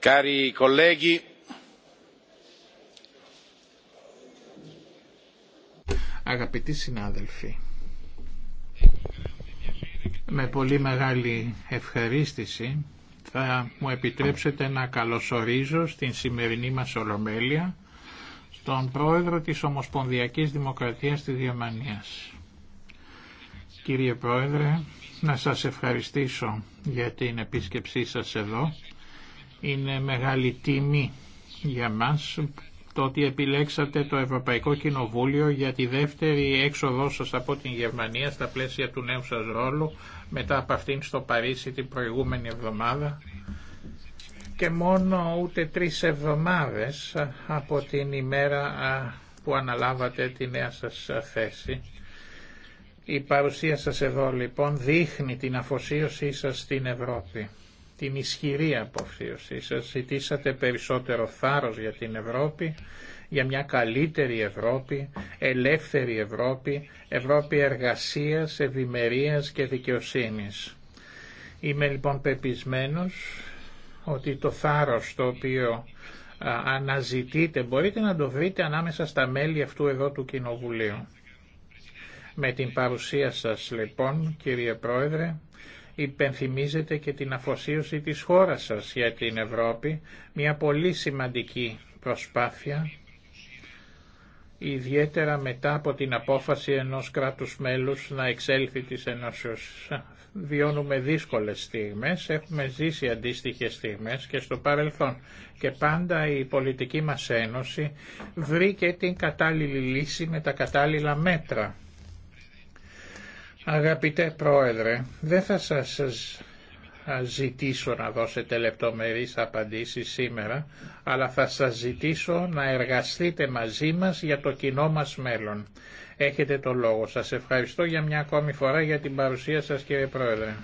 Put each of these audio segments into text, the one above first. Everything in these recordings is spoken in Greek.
Cari colleghi, αγαπητοί συνάδελφοι, με πολύ μεγάλη ευχαρίστηση θα μου επιτρέψετε να καλωσορίζω στην σημερινή μας Ολομέλεια τον πρόεδρο της Ομοσπονδιακής Δημοκρατίας της Γερμανίας. Κύριε Πρόεδρε, να σας ευχαριστήσω για την επίσκεψή σας εδώ. Είναι μεγάλη τιμή για μας το ότι επιλέξατε το Ευρωπαϊκό Κοινοβούλιο για τη δεύτερη έξοδό σας από την Γερμανία στα πλαίσια του νέου σας ρόλου μετά από αυτήν στο Παρίσι την προηγούμενη εβδομάδα και μόνο ούτε τρεις εβδομάδες από την ημέρα που αναλάβατε τη νέα σας θέση. Η παρουσία σας εδώ λοιπόν δείχνει την αφοσίωσή σας στην Ευρώπη, την ισχυρή αφοσίωσή σας. Ζητήσατε περισσότερο θάρρος για την Ευρώπη, για μια καλύτερη Ευρώπη, ελεύθερη Ευρώπη, Ευρώπη εργασίας, ευημερίας και δικαιοσύνης. Είμαι λοιπόν πεπισμένος ότι το θάρρος το οποίο αναζητείτε μπορείτε να το βρείτε ανάμεσα στα μέλη αυτού εδώ του Κοινοβουλίου. Με την παρουσία σας λοιπόν κύριε Πρόεδρε υπενθυμίζετε και την αφοσίωση της χώρας σας για την Ευρώπη, μια πολύ σημαντική προσπάθεια ιδιαίτερα μετά από την απόφαση ενός κράτους μέλους να εξέλθει της Ενώσεως. Βιώνουμε δύσκολες στιγμές, έχουμε ζήσει αντίστοιχες στιγμές και στο παρελθόν και πάντα η πολιτική μας ένωση βρήκε την κατάλληλη λύση με τα κατάλληλα μέτρα. Αγαπητέ Πρόεδρε, δεν θα σας ζητήσω να δώσετε λεπτομερείς απαντήσεις σήμερα, αλλά θα σας ζητήσω να εργαστείτε μαζί μας για το κοινό μας μέλλον. Έχετε το λόγο. Σας ευχαριστώ για μια ακόμη φορά για την παρουσία σας κύριε Πρόεδρε.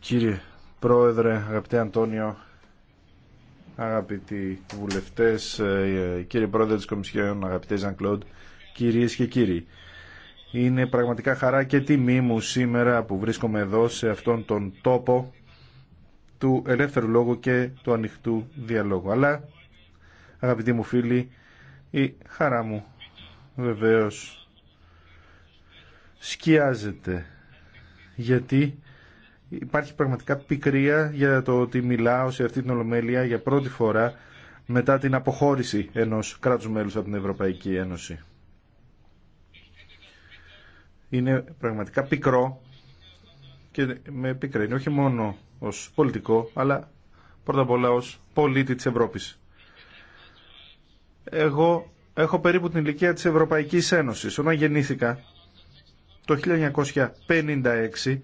Κύριε Πρόεδρε, αγαπητέ Αντώνιο, αγαπητοί βουλευτές, ε, κύριε Πρόεδρε της Κομισιόν, αγαπητέ Ζαν Κλοντ, κυρίες και κύριοι. Είναι πραγματικά χαρά και τιμή μου σήμερα που βρίσκομαι εδώ σε αυτόν τον τόπο του ελεύθερου λόγου και του ανοιχτού διαλόγου. Αλλά, αγαπητοί μου φίλοι, η χαρά μου βεβαίως σκιάζεται γιατί υπάρχει πραγματικά πικρία για το ότι μιλάω σε αυτή την Ολομέλεια για πρώτη φορά μετά την αποχώρηση ενός κράτους μέλους από την Ευρωπαϊκή Ένωση. Είναι πραγματικά πικρό και με πικραίνει όχι μόνο ως πολιτικό αλλά πρώτα απ' όλα ως πολίτη της Ευρώπης. Εγώ έχω περίπου την ηλικία της Ευρωπαϊκής Ένωσης. Όταν γεννήθηκα το 1956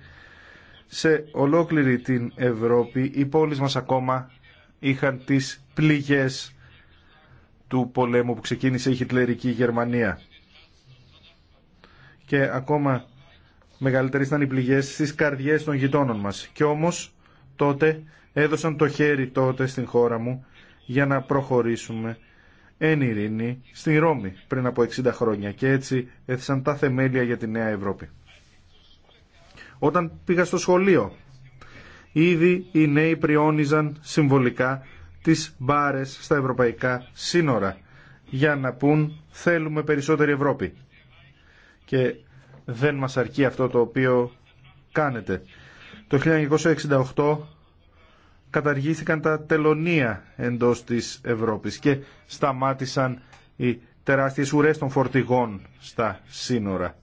σε ολόκληρη την Ευρώπη οι πόλεις μας ακόμα είχαν τις πληγές του πολέμου που ξεκίνησε η Χιτλερική Γερμανία. Και ακόμα μεγαλύτερες ήταν οι πληγές στις καρδιές των γειτόνων μας. Και όμως τότε έδωσαν το χέρι τότε στην χώρα μου για να προχωρήσουμε εν ειρήνη στη Ρώμη πριν από 60 χρόνια και έτσι έθεσαν τα θεμέλια για τη Νέα Ευρώπη. Όταν πήγα στο σχολείο, ήδη οι νέοι πριόνιζαν συμβολικά τις μπάρε στα ευρωπαϊκά σύνορα για να πούν θέλουμε περισσότερη Ευρώπη. Και δεν μας αρκεί αυτό το οποίο κάνετε. Το 1968 καταργήθηκαν τα τελωνία εντός της Ευρώπης και σταμάτησαν οι τεράστιες ουρές των φορτηγών στα σύνορα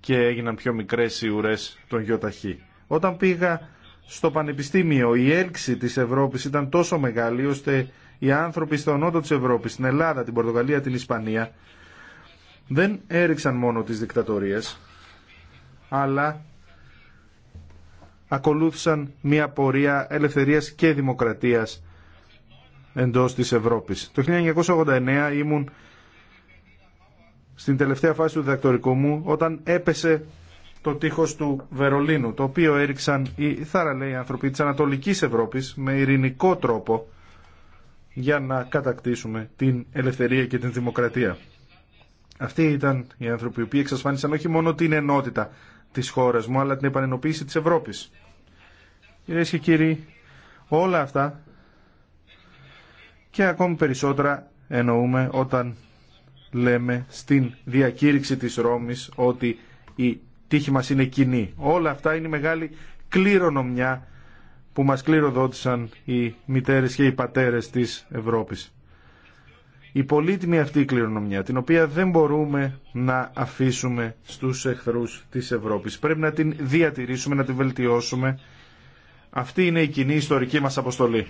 και έγιναν πιο μικρές οι ουρές των γιοταχή. Όταν πήγα στο πανεπιστήμιο η έλξη της Ευρώπης ήταν τόσο μεγάλη ώστε οι άνθρωποι στον νότο της Ευρώπης, στην Ελλάδα, την Πορτογαλία, την Ισπανία δεν έριξαν μόνο τις δικτατορίες αλλά ακολούθησαν μια πορεία ελευθερίας και δημοκρατίας εντός της Ευρώπης. Το 1989 ήμουν στην τελευταία φάση του διδακτορικού μου όταν έπεσε το τείχος του Βερολίνου, το οποίο έριξαν οι θαραλέοι άνθρωποι της Ανατολικής Ευρώπης με ειρηνικό τρόπο για να κατακτήσουμε την ελευθερία και την δημοκρατία. Αυτοί ήταν οι άνθρωποι οι οποίοι εξασφάνισαν όχι μόνο την ενότητα της χώρας μου, αλλά την επανενοποίηση της Ευρώπης. Κυρίε και κύριοι, όλα αυτά και ακόμη περισσότερα εννοούμε όταν λέμε στην διακήρυξη της Ρώμης ότι η τύχη μας είναι κοινή. Όλα αυτά είναι η μεγάλη κληρονομιά που μας κληροδότησαν οι μητέρες και οι πατέρες της Ευρώπης. Η πολύτιμη αυτή κληρονομιά, την οποία δεν μπορούμε να αφήσουμε στους εχθρούς της Ευρώπης. Πρέπει να την διατηρήσουμε, να την βελτιώσουμε αυτή είναι η κοινή ιστορική μας αποστολή.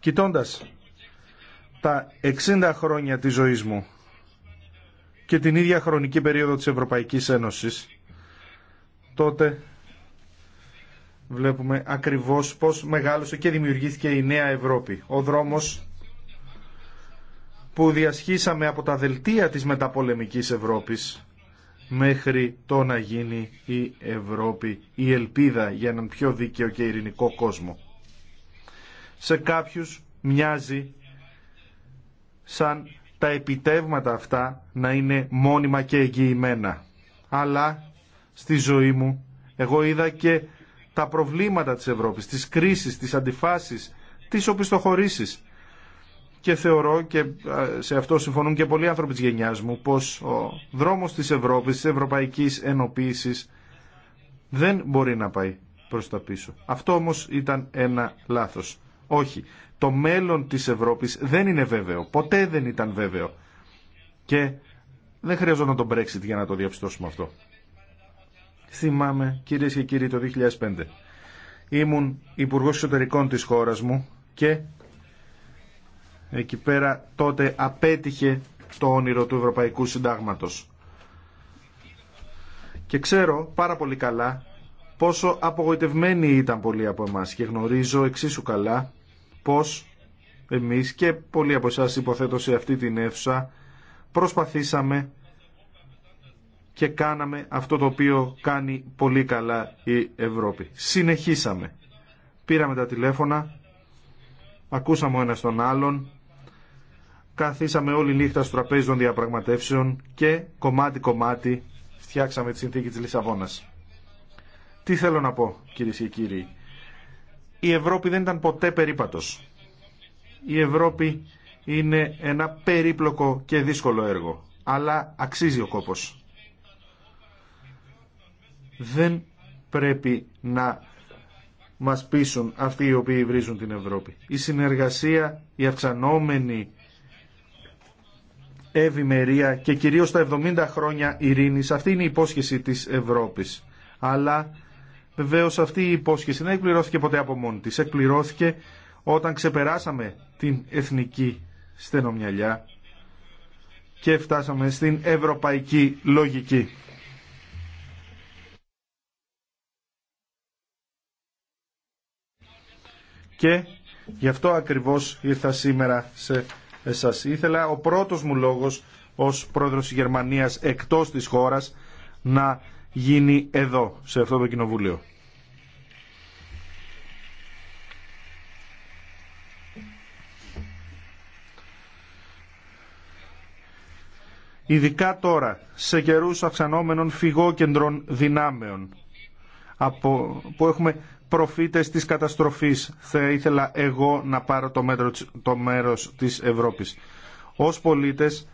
Κοιτώντας τα 60 χρόνια της ζωής μου και την ίδια χρονική περίοδο της Ευρωπαϊκής Ένωσης, τότε βλέπουμε ακριβώς πώς μεγάλωσε και δημιουργήθηκε η νέα Ευρώπη. Ο δρόμος που διασχίσαμε από τα δελτία της μεταπολεμικής Ευρώπης μέχρι το να γίνει η Ευρώπη η ελπίδα για έναν πιο δίκαιο και ειρηνικό κόσμο. Σε κάποιους μοιάζει σαν τα επιτεύγματα αυτά να είναι μόνιμα και εγγυημένα. Αλλά στη ζωή μου εγώ είδα και τα προβλήματα της Ευρώπης, τις κρίσεις, τις αντιφάσεις, τις οπισθοχωρήσεις και θεωρώ και σε αυτό συμφωνούν και πολλοί άνθρωποι της γενιάς μου πως ο δρόμος της Ευρώπης, της ευρωπαϊκής ενοποίησης δεν μπορεί να πάει προς τα πίσω. Αυτό όμως ήταν ένα λάθος. Όχι. Το μέλλον της Ευρώπης δεν είναι βέβαιο. Ποτέ δεν ήταν βέβαιο. Και δεν χρειαζόταν τον Brexit για να το διαπιστώσουμε αυτό. Θυμάμαι, κυρίε και κύριοι, το 2005. Ήμουν υπουργό εσωτερικών της χώρας μου και εκεί πέρα τότε απέτυχε το όνειρο του Ευρωπαϊκού Συντάγματος. Και ξέρω πάρα πολύ καλά πόσο απογοητευμένοι ήταν πολλοί από εμάς και γνωρίζω εξίσου καλά πως εμείς και πολλοί από εσάς υποθέτω σε αυτή την αίθουσα προσπαθήσαμε και κάναμε αυτό το οποίο κάνει πολύ καλά η Ευρώπη. Συνεχίσαμε. Πήραμε τα τηλέφωνα, ακούσαμε ο ένας τον άλλον, καθίσαμε όλη νύχτα στο τραπέζι των διαπραγματεύσεων και κομμάτι-κομμάτι φτιάξαμε τη συνθήκη της Λισαβόνας. Τι θέλω να πω, κυρίε και κύριοι. Η Ευρώπη δεν ήταν ποτέ περίπατος. Η Ευρώπη είναι ένα περίπλοκο και δύσκολο έργο, αλλά αξίζει ο κόπος. Δεν πρέπει να μας πείσουν αυτοί οι οποίοι βρίζουν την Ευρώπη. Η συνεργασία, η αυξανόμενη ευημερία και κυρίως τα 70 χρόνια ειρήνης. Αυτή είναι η υπόσχεση της Ευρώπης. Αλλά βεβαίω αυτή η υπόσχεση δεν εκπληρώθηκε ποτέ από μόνη της. Εκπληρώθηκε όταν ξεπεράσαμε την εθνική στενομυαλιά και φτάσαμε στην ευρωπαϊκή λογική. Και γι' αυτό ακριβώς ήρθα σήμερα σε σας. Ήθελα ο πρώτος μου λόγος ως πρόεδρος της Γερμανίας εκτός της χώρας να γίνει εδώ, σε αυτό το κοινοβούλιο. Ειδικά τώρα, σε καιρούς αυξανόμενων φυγόκεντρων δυνάμεων, από, που έχουμε προφήτες της καταστροφής θα ήθελα εγώ να πάρω το, μέτρο, το μέρος της Ευρώπης. Ως πολίτες,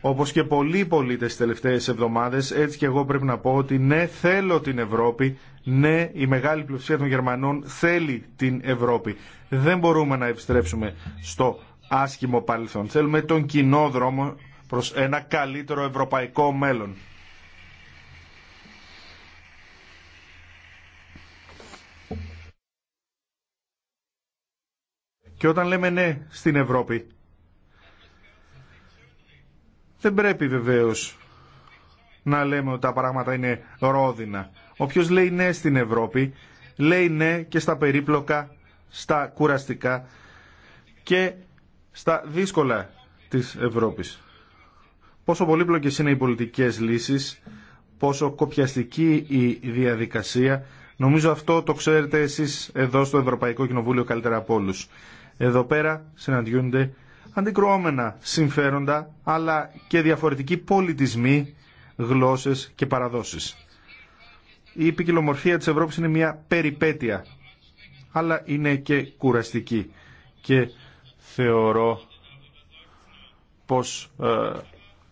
όπως και πολλοί πολίτες τις τελευταίες εβδομάδες, έτσι και εγώ πρέπει να πω ότι ναι θέλω την Ευρώπη, ναι η μεγάλη πλειοψηφία των Γερμανών θέλει την Ευρώπη. Δεν μπορούμε να επιστρέψουμε στο άσχημο παρελθόν. Θέλουμε τον κοινό δρόμο προς ένα καλύτερο ευρωπαϊκό μέλλον. Και όταν λέμε ναι στην Ευρώπη, δεν πρέπει βεβαίως να λέμε ότι τα πράγματα είναι ρόδινα. Όποιος λέει ναι στην Ευρώπη, λέει ναι και στα περίπλοκα, στα κουραστικά και στα δύσκολα της Ευρώπης. Πόσο πολύπλοκες είναι οι πολιτικές λύσεις, πόσο κοπιαστική η διαδικασία, νομίζω αυτό το ξέρετε εσείς εδώ στο Ευρωπαϊκό Κοινοβούλιο καλύτερα από όλους. Εδώ πέρα συναντιούνται αντικρουόμενα συμφέροντα, αλλά και διαφορετικοί πολιτισμοί, γλώσσες και παραδόσεις. Η ποικιλομορφία της Ευρώπης είναι μια περιπέτεια, αλλά είναι και κουραστική. Και θεωρώ πως ε,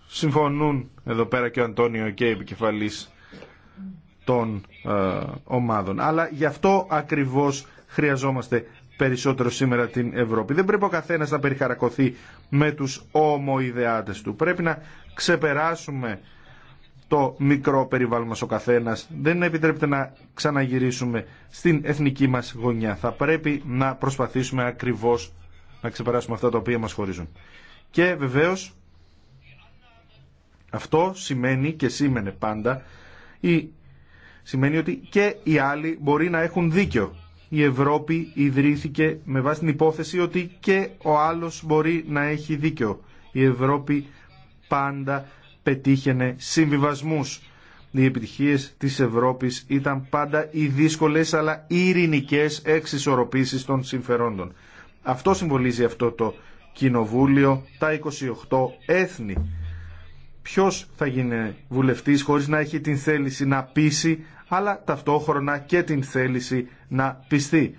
συμφωνούν εδώ πέρα και ο Αντώνιο και οι επικεφαλής των ε, ομάδων. Αλλά γι' αυτό ακριβώς χρειαζόμαστε περισσότερο σήμερα την Ευρώπη. Δεν πρέπει ο καθένας να περιχαρακωθεί με τους ομοειδεάτες του. Πρέπει να ξεπεράσουμε το μικρό περιβάλλον μας ο καθένας. Δεν επιτρέπεται να ξαναγυρίσουμε στην εθνική μας γωνιά. Θα πρέπει να προσπαθήσουμε ακριβώς να ξεπεράσουμε αυτά τα οποία μας χωρίζουν. Και βεβαίως αυτό σημαίνει και σήμαινε πάντα η, σημαίνει ότι και οι άλλοι μπορεί να έχουν δίκιο η Ευρώπη ιδρύθηκε με βάση την υπόθεση ότι και ο άλλος μπορεί να έχει δίκιο. Η Ευρώπη πάντα πετύχαινε συμβιβασμούς. Οι επιτυχίες της Ευρώπης ήταν πάντα οι δύσκολες αλλά ειρηνικές εξισορροπήσεις των συμφερόντων. Αυτό συμβολίζει αυτό το κοινοβούλιο, τα 28 έθνη. Ποιος θα γίνει βουλευτής χωρίς να έχει την θέληση να πείσει αλλά ταυτόχρονα και την θέληση να πιστεί.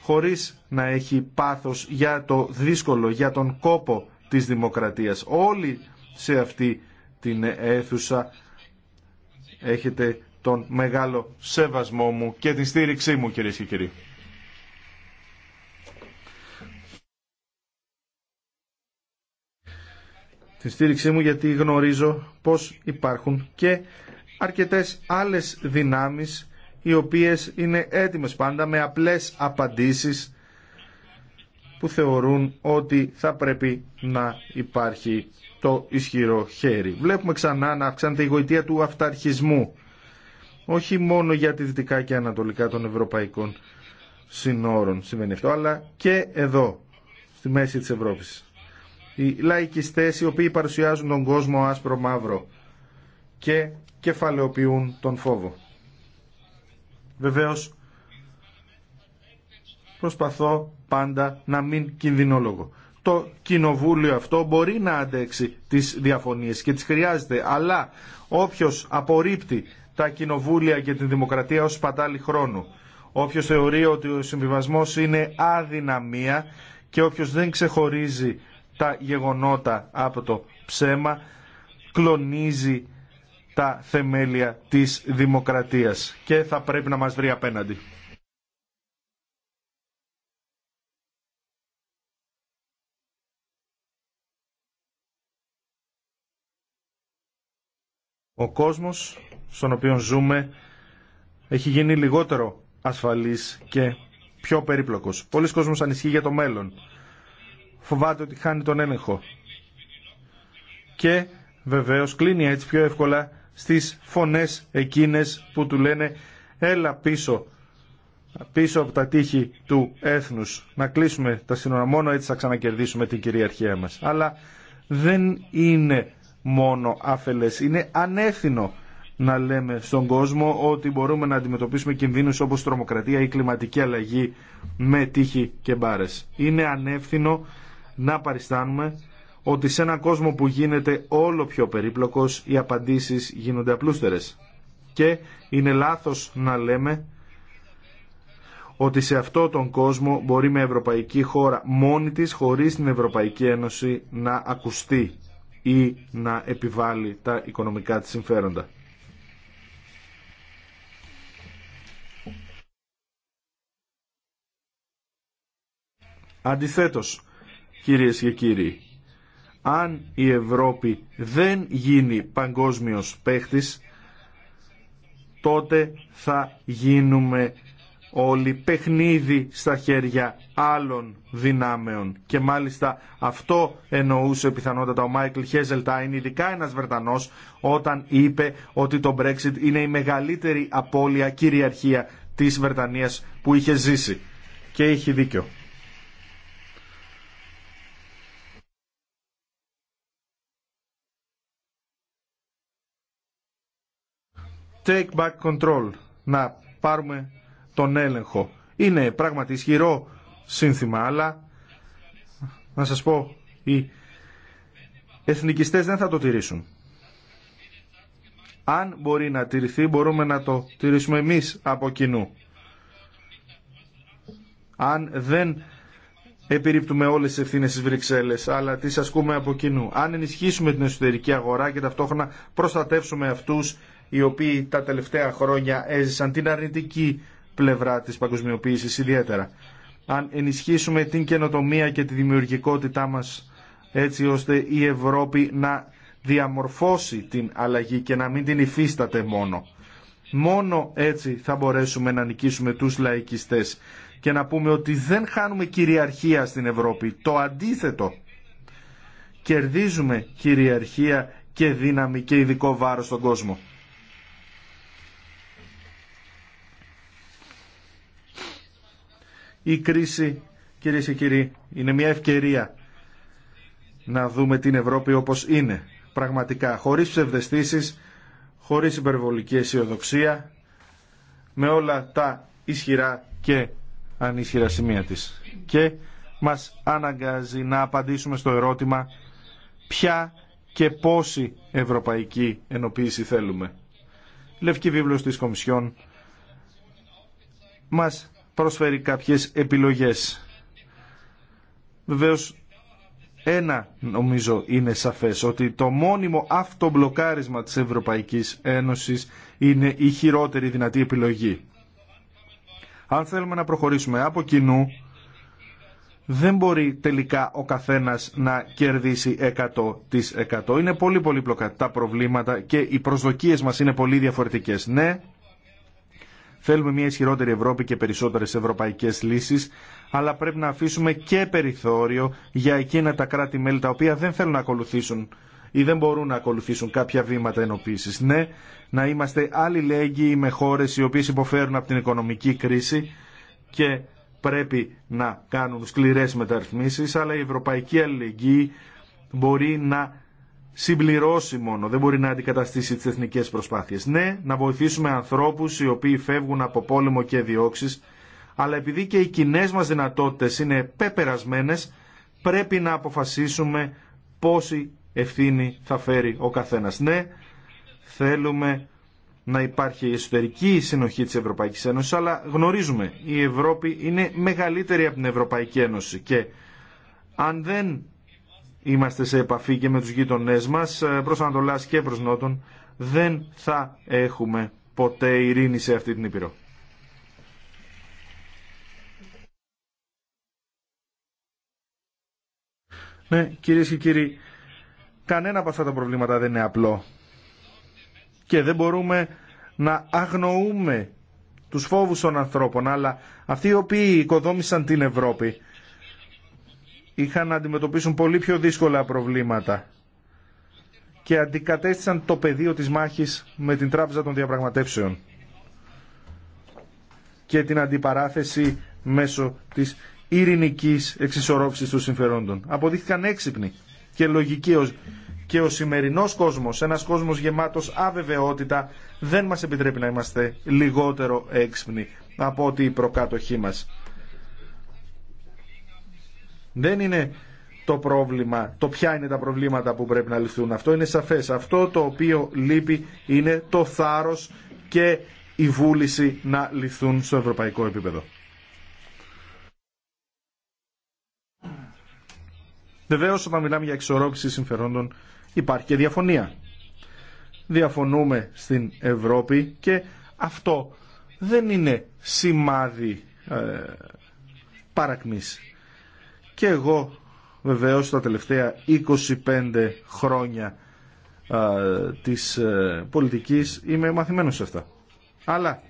Χωρίς να έχει πάθος για το δύσκολο, για τον κόπο της δημοκρατίας. Όλοι σε αυτή την αίθουσα έχετε τον μεγάλο σεβασμό μου και την στήριξή μου κύριε και κύριοι. Την στήριξή μου γιατί γνωρίζω πως υπάρχουν και αρκετές άλλες δυνάμεις οι οποίες είναι έτοιμες πάντα με απλές απαντήσεις που θεωρούν ότι θα πρέπει να υπάρχει το ισχυρό χέρι. Βλέπουμε ξανά να αυξάνεται η γοητεία του αυταρχισμού όχι μόνο για τη δυτικά και ανατολικά των ευρωπαϊκών συνόρων σημαίνει αυτό, αλλά και εδώ, στη μέση της Ευρώπης. Οι λαϊκιστές οι οποίοι παρουσιάζουν τον κόσμο άσπρο-μαύρο και κεφαλαιοποιούν τον φόβο. Βεβαίως, προσπαθώ πάντα να μην κινδυνόλογο. Το κοινοβούλιο αυτό μπορεί να αντέξει τις διαφωνίες και τις χρειάζεται, αλλά όποιος απορρίπτει τα κοινοβούλια και την δημοκρατία ως σπατάλη χρόνου, όποιος θεωρεί ότι ο συμβιβασμός είναι αδυναμία και όποιος δεν ξεχωρίζει τα γεγονότα από το ψέμα, κλονίζει τα θεμέλια της δημοκρατίας και θα πρέπει να μας βρει απέναντι. Ο κόσμος στον οποίο ζούμε έχει γίνει λιγότερο ασφαλής και πιο περίπλοκος. Πολλοί κόσμος ανησυχεί για το μέλλον. Φοβάται ότι χάνει τον έλεγχο. Και βεβαίως κλείνει έτσι πιο εύκολα στις φωνές εκείνες που του λένε έλα πίσω, πίσω από τα τείχη του έθνους. Να κλείσουμε τα σύνορα, μόνο έτσι θα ξανακερδίσουμε την κυριαρχία μας. Αλλά δεν είναι μόνο άφελες, είναι ανέθινο να λέμε στον κόσμο ότι μπορούμε να αντιμετωπίσουμε κινδύνους όπως τρομοκρατία ή κλιματική αλλαγή με τείχη και μπάρες. Είναι ανεύθυνο να παριστάνουμε ότι σε έναν κόσμο που γίνεται όλο πιο περίπλοκος οι απαντήσεις γίνονται απλούστερες. Και είναι λάθος να λέμε ότι σε αυτό τον κόσμο μπορεί με ευρωπαϊκή χώρα μόνη της χωρίς την Ευρωπαϊκή Ένωση να ακουστεί ή να επιβάλλει τα οικονομικά της συμφέροντα. Αντιθέτως, κυρίες και κύριοι, αν η Ευρώπη δεν γίνει παγκόσμιος παίχτης, τότε θα γίνουμε όλοι παιχνίδι στα χέρια άλλων δυνάμεων. Και μάλιστα αυτό εννοούσε πιθανότατα ο Μάικλ Χέζελτάιν, ειδικά ένας Βρετανός, όταν είπε ότι το Brexit είναι η μεγαλύτερη απώλεια κυριαρχία της Βρετανίας που είχε ζήσει. Και έχει δίκιο. take back control, να πάρουμε τον έλεγχο. Είναι πράγματι ισχυρό σύνθημα, αλλά να σας πω, οι εθνικιστές δεν θα το τηρήσουν. Αν μπορεί να τηρηθεί, μπορούμε να το τηρήσουμε εμείς από κοινού. Αν δεν επιρρύπτουμε όλες τις ευθύνες στις Βρυξέλλες, αλλά τις ασκούμε από κοινού. Αν ενισχύσουμε την εσωτερική αγορά και ταυτόχρονα προστατεύσουμε αυτούς οι οποίοι τα τελευταία χρόνια έζησαν την αρνητική πλευρά της παγκοσμιοποίησης ιδιαίτερα. Αν ενισχύσουμε την καινοτομία και τη δημιουργικότητά μας έτσι ώστε η Ευρώπη να διαμορφώσει την αλλαγή και να μην την υφίσταται μόνο. Μόνο έτσι θα μπορέσουμε να νικήσουμε τους λαϊκιστές και να πούμε ότι δεν χάνουμε κυριαρχία στην Ευρώπη. Το αντίθετο. Κερδίζουμε κυριαρχία και δύναμη και ειδικό βάρος στον κόσμο. Η κρίση, κυρίε και κύριοι, είναι μια ευκαιρία να δούμε την Ευρώπη όπως είναι. Πραγματικά, χωρίς ψευδεστήσεις, χωρίς υπερβολική αισιοδοξία, με όλα τα ισχυρά και ανίσχυρα σημεία της. Και μας αναγκάζει να απαντήσουμε στο ερώτημα ποια και πόση ευρωπαϊκή ενοποίηση θέλουμε. Λευκή Βίβλος της Κομισιόν μας προσφέρει κάποιες επιλογές. Βεβαίως ένα νομίζω είναι σαφές, ότι το μόνιμο αυτομπλοκάρισμα της Ευρωπαϊκής Ένωσης είναι η χειρότερη δυνατή επιλογή. Αν θέλουμε να προχωρήσουμε από κοινού, δεν μπορεί τελικά ο καθένας να κερδίσει 100%. Είναι πολύ πολύπλοκα τα προβλήματα και οι προσδοκίες μας είναι πολύ διαφορετικές. Ναι, Θέλουμε μια ισχυρότερη Ευρώπη και περισσότερες ευρωπαϊκές λύσεις, αλλά πρέπει να αφήσουμε και περιθώριο για εκείνα τα κράτη-μέλη τα οποία δεν θέλουν να ακολουθήσουν ή δεν μπορούν να ακολουθήσουν κάποια βήματα ενοποίησης. Ναι, να είμαστε αλληλέγγυοι με χώρες οι οποίες υποφέρουν από την οικονομική κρίση και πρέπει να κάνουν σκληρές μεταρρυθμίσεις, αλλά η ευρωπαϊκή αλληλεγγύη μπορεί να συμπληρώσει μόνο, δεν μπορεί να αντικαταστήσει τις εθνικές προσπάθειες. Ναι, να βοηθήσουμε ανθρώπους οι οποίοι φεύγουν από πόλεμο και διώξεις, αλλά επειδή και οι κοινέ μας δυνατότητες είναι πεπερασμένες, πρέπει να αποφασίσουμε πόση ευθύνη θα φέρει ο καθένας. Ναι, θέλουμε να υπάρχει εσωτερική συνοχή της Ευρωπαϊκής Ένωσης, αλλά γνωρίζουμε η Ευρώπη είναι μεγαλύτερη από την Ευρωπαϊκή Ένωση και αν δεν είμαστε σε επαφή και με τους γείτονές μας ε, προς Ανατολάς και προς Νότον δεν θα έχουμε ποτέ ειρήνη σε αυτή την Ήπειρο. Ναι, κυρίες και κύριοι, κανένα από αυτά τα προβλήματα δεν είναι απλό. Και δεν μπορούμε να αγνοούμε τους φόβους των ανθρώπων, αλλά αυτοί οι οποίοι οικοδόμησαν την Ευρώπη είχαν να αντιμετωπίσουν πολύ πιο δύσκολα προβλήματα και αντικατέστησαν το πεδίο της μάχης με την Τράπεζα των Διαπραγματεύσεων και την αντιπαράθεση μέσω της ειρηνικής εξισορρόψης των συμφερόντων. Αποδείχθηκαν έξυπνοι και λογικοί και ο σημερινός κόσμος, ένας κόσμος γεμάτος αβεβαιότητα, δεν μας επιτρέπει να είμαστε λιγότερο έξυπνοι από ότι οι προκάτοχοί μας. Δεν είναι το πρόβλημα, το ποια είναι τα προβλήματα που πρέπει να λυθούν. Αυτό είναι σαφές. Αυτό το οποίο λείπει είναι το θάρρος και η βούληση να λυθούν στο ευρωπαϊκό επίπεδο. Βεβαίω, όταν μιλάμε για εξορρόπηση συμφερόντων, υπάρχει και διαφωνία. Διαφωνούμε στην Ευρώπη και αυτό δεν είναι σημάδι ε, παρακμής. Και εγώ βεβαίως τα τελευταία 25 χρόνια α, της ε, πολιτικής είμαι μαθημένος σε αυτά. Αλλά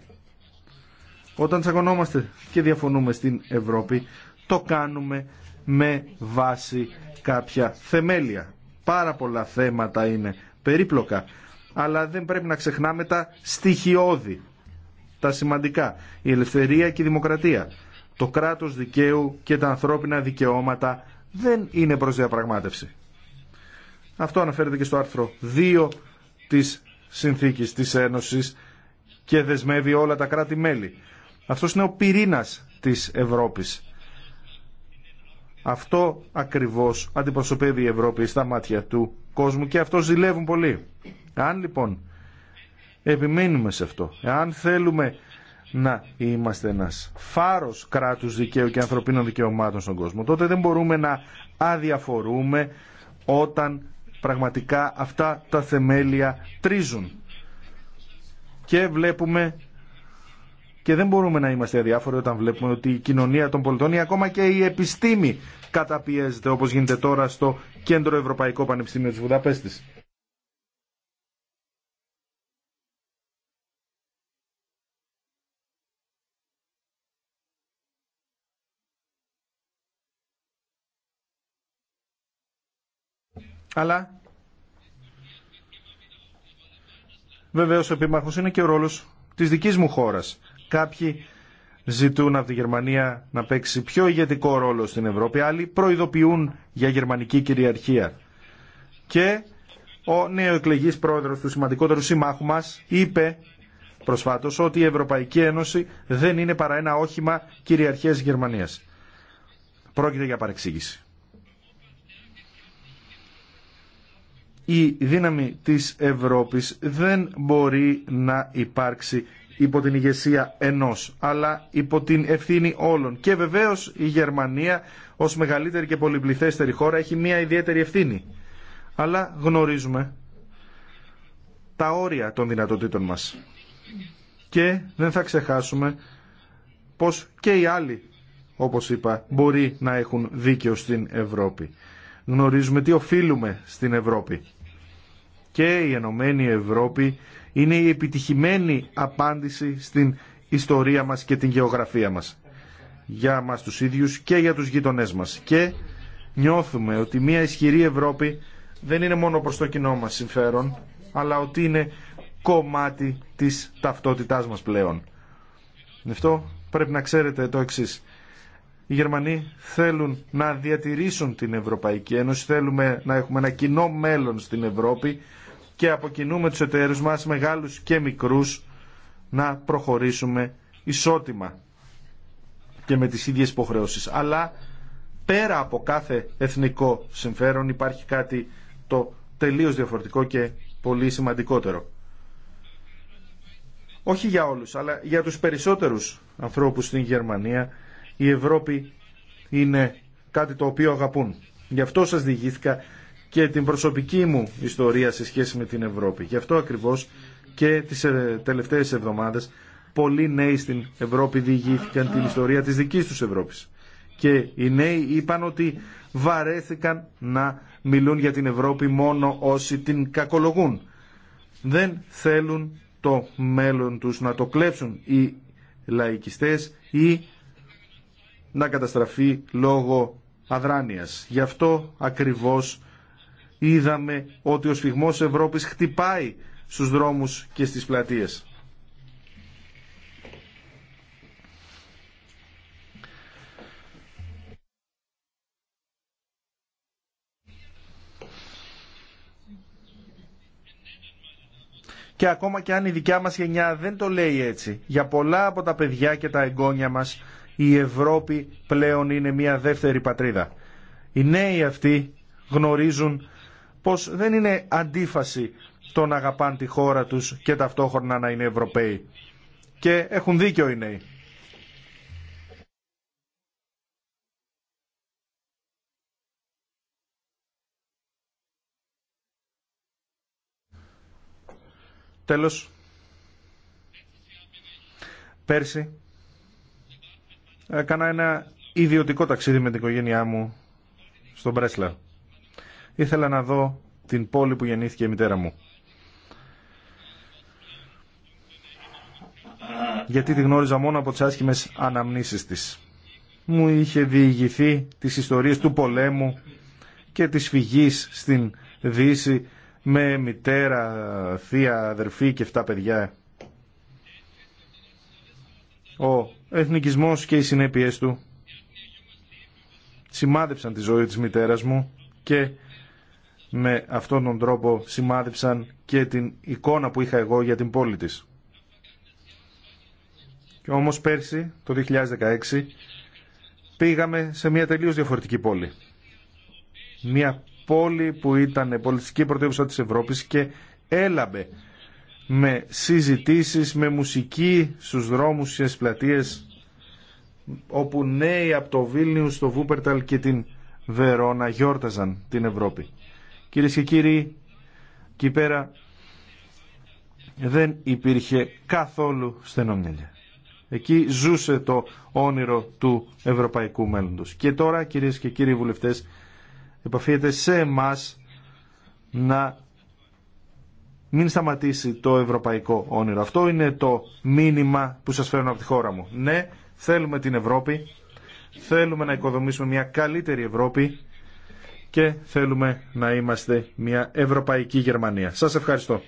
όταν τσακωνόμαστε και διαφωνούμε στην Ευρώπη το κάνουμε με βάση κάποια θεμέλια. Πάρα πολλά θέματα είναι περίπλοκα αλλά δεν πρέπει να ξεχνάμε τα στοιχειώδη, τα σημαντικά, η ελευθερία και η δημοκρατία το κράτος δικαίου και τα ανθρώπινα δικαιώματα δεν είναι προς διαπραγμάτευση. Αυτό αναφέρεται και στο άρθρο 2 της συνθήκης της Ένωσης και δεσμεύει όλα τα κράτη-μέλη. Αυτός είναι ο πυρήνας της Ευρώπης. Αυτό ακριβώς αντιπροσωπεύει η Ευρώπη στα μάτια του κόσμου και αυτό ζηλεύουν πολύ. Αν λοιπόν επιμένουμε σε αυτό, αν θέλουμε να είμαστε ένας φάρος κράτους δικαίου και ανθρωπίνων δικαιωμάτων στον κόσμο. Τότε δεν μπορούμε να αδιαφορούμε όταν πραγματικά αυτά τα θεμέλια τρίζουν. Και βλέπουμε και δεν μπορούμε να είμαστε αδιάφοροι όταν βλέπουμε ότι η κοινωνία των πολιτών ή ακόμα και η επιστήμη καταπιέζεται όπως γίνεται τώρα στο Κέντρο Ευρωπαϊκό Πανεπιστήμιο της Βουδαπέστης. αλλά βεβαίως ο επίμαχος είναι και ο ρόλος της δικής μου χώρας. Κάποιοι ζητούν από τη Γερμανία να παίξει πιο ηγετικό ρόλο στην Ευρώπη, άλλοι προειδοποιούν για γερμανική κυριαρχία. Και ο νέο εκλεγής πρόεδρος του σημαντικότερου συμμάχου μας είπε προσφάτως ότι η Ευρωπαϊκή Ένωση δεν είναι παρά ένα όχημα κυριαρχίας Γερμανίας. Πρόκειται για παρεξήγηση. η δύναμη της Ευρώπης δεν μπορεί να υπάρξει υπό την ηγεσία ενός, αλλά υπό την ευθύνη όλων. Και βεβαίως η Γερμανία ως μεγαλύτερη και πολυπληθέστερη χώρα έχει μια ιδιαίτερη ευθύνη. Αλλά γνωρίζουμε τα όρια των δυνατοτήτων μας. Και δεν θα ξεχάσουμε πως και οι άλλοι, όπως είπα, μπορεί να έχουν δίκαιο στην Ευρώπη. Γνωρίζουμε τι οφείλουμε στην Ευρώπη και η Ενωμένη Ευρώπη είναι η επιτυχημένη απάντηση στην ιστορία μας και την γεωγραφία μας. Για μας τους ίδιους και για τους γειτονές μας. Και νιώθουμε ότι μια ισχυρή Ευρώπη δεν είναι μόνο προς το κοινό μας συμφέρον, αλλά ότι είναι κομμάτι της ταυτότητάς μας πλέον. Γι' αυτό πρέπει να ξέρετε το εξή. Οι Γερμανοί θέλουν να διατηρήσουν την Ευρωπαϊκή Ένωση, θέλουμε να έχουμε ένα κοινό μέλλον στην Ευρώπη και αποκοινούμε τους εταίρους μας μεγάλους και μικρούς να προχωρήσουμε ισότιμα και με τις ίδιες υποχρεώσεις. Αλλά πέρα από κάθε εθνικό συμφέρον υπάρχει κάτι το τελείως διαφορετικό και πολύ σημαντικότερο. Όχι για όλους, αλλά για τους περισσότερους ανθρώπους στην Γερμανία η Ευρώπη είναι κάτι το οποίο αγαπούν. Γι' αυτό σας διηγήθηκα και την προσωπική μου ιστορία σε σχέση με την Ευρώπη. Γι' αυτό ακριβώς και τις ε, τελευταίες εβδομάδες πολλοί νέοι στην Ευρώπη διηγήθηκαν την ιστορία της δικής τους Ευρώπης. Και οι νέοι είπαν ότι βαρέθηκαν να μιλούν για την Ευρώπη μόνο όσοι την κακολογούν. Δεν θέλουν το μέλλον τους να το κλέψουν οι λαϊκιστές ή να καταστραφεί λόγω αδράνειας. Γι' αυτό ακριβώς είδαμε ότι ο σφιγμός Ευρώπης χτυπάει στους δρόμους και στις πλατείες. και ακόμα και αν η δικιά μας γενιά δεν το λέει έτσι. Για πολλά από τα παιδιά και τα εγγόνια μας η Ευρώπη πλέον είναι μια δεύτερη πατρίδα. Οι νέοι αυτοί γνωρίζουν πως δεν είναι αντίφαση το να τη χώρα τους και ταυτόχρονα να είναι Ευρωπαίοι. Και έχουν δίκιο οι νέοι. Τέλος, πέρσι έκανα ένα ιδιωτικό ταξίδι με την οικογένειά μου στον Πρέσλα ήθελα να δω την πόλη που γεννήθηκε η μητέρα μου. Γιατί τη γνώριζα μόνο από τις άσχημες αναμνήσεις της. Μου είχε διηγηθεί τις ιστορίες του πολέμου και της φυγής στην Δύση με μητέρα, θεία, αδερφή και 7 παιδιά. Ο εθνικισμός και οι συνέπειές του σημάδεψαν τη ζωή της μητέρας μου και με αυτόν τον τρόπο σημάδεψαν και την εικόνα που είχα εγώ για την πόλη της. Και όμως πέρσι, το 2016, πήγαμε σε μια τελείως διαφορετική πόλη. Μια πόλη που ήταν πολιτιστική πρωτεύουσα της Ευρώπης και έλαμπε με συζητήσεις, με μουσική στους δρόμους, στις πλατείες όπου νέοι από το Βίλνιου, στο Βούπερταλ και την Βερόνα γιόρταζαν την Ευρώπη. Κυρίε και κύριοι, εκεί πέρα δεν υπήρχε καθόλου στενομιέλια. Εκεί ζούσε το όνειρο του ευρωπαϊκού μέλλοντος. Και τώρα, κυρίες και κύριοι βουλευτές, επαφείτε σε εμάς να μην σταματήσει το ευρωπαϊκό όνειρο. Αυτό είναι το μήνυμα που σας φέρνω από τη χώρα μου. Ναι, θέλουμε την Ευρώπη, θέλουμε να οικοδομήσουμε μια καλύτερη Ευρώπη και θέλουμε να είμαστε μια ευρωπαϊκή Γερμανία. Σας ευχαριστώ.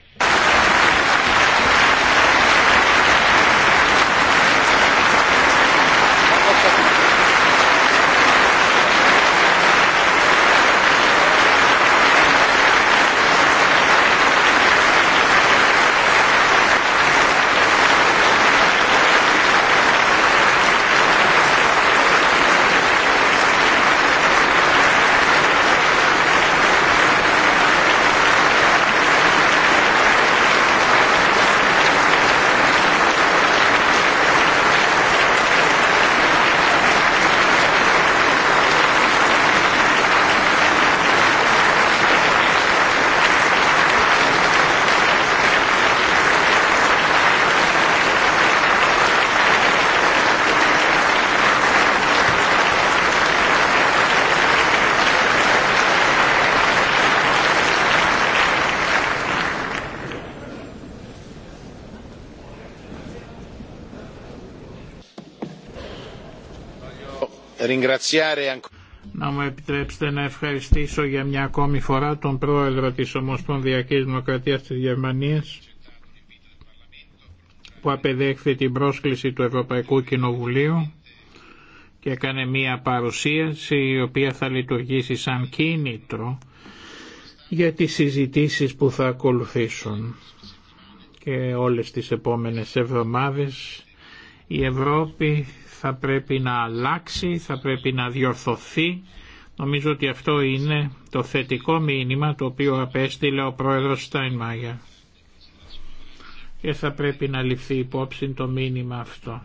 Να μου επιτρέψετε να ευχαριστήσω για μια ακόμη φορά τον πρόεδρο της Ομοσπονδιακής Δημοκρατίας της Γερμανίας που απεδέχθη την πρόσκληση του Ευρωπαϊκού Κοινοβουλίου και έκανε μια παρουσίαση η οποία θα λειτουργήσει σαν κίνητρο για τις συζητήσεις που θα ακολουθήσουν και όλες τις επόμενες εβδομάδες η Ευρώπη θα πρέπει να αλλάξει, θα πρέπει να διορθωθεί. Νομίζω ότι αυτό είναι το θετικό μήνυμα το οποίο απέστειλε ο πρόεδρος Στάινμαγερ. Και θα πρέπει να ληφθεί υπόψη το μήνυμα αυτό.